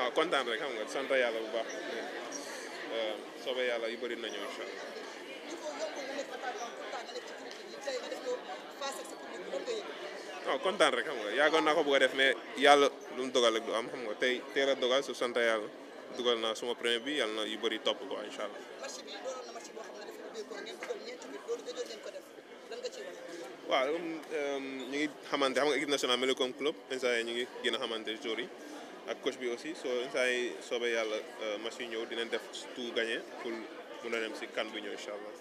waaw kontaan rek xam nga sant yàlla bu baax euh, yàlla yu bëri nañu incha kontaan rek xam nga yàggoon naa ko bëgg def mais yàlla lu mu dogal rek du am xam nga tey teel a su sant yàlla dugal naa suma premier bi yàlla na yu bari topp ko incha allah. waaw um, um, ñu ngi xamante xam nga équipe nationale mel club instant ñu ngi gën xamante jour ak coach bi aussi soo saa yi soobee yàlla euh, match yi ñëw dinañ def tout gagné pour mu a dem si kan bi ñëw incha allah.